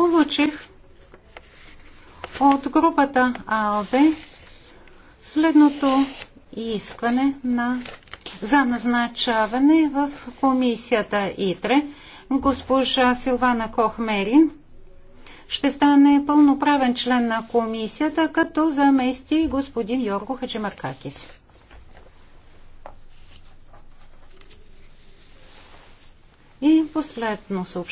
Получих от групата АЛДЕ следното искане на, за назначаване в комисията ИТРЕ. Госпожа Силвана Кохмерин ще стане пълноправен член на комисията, като замести господин Йорго Хаджимаркакис. И последно съобщение.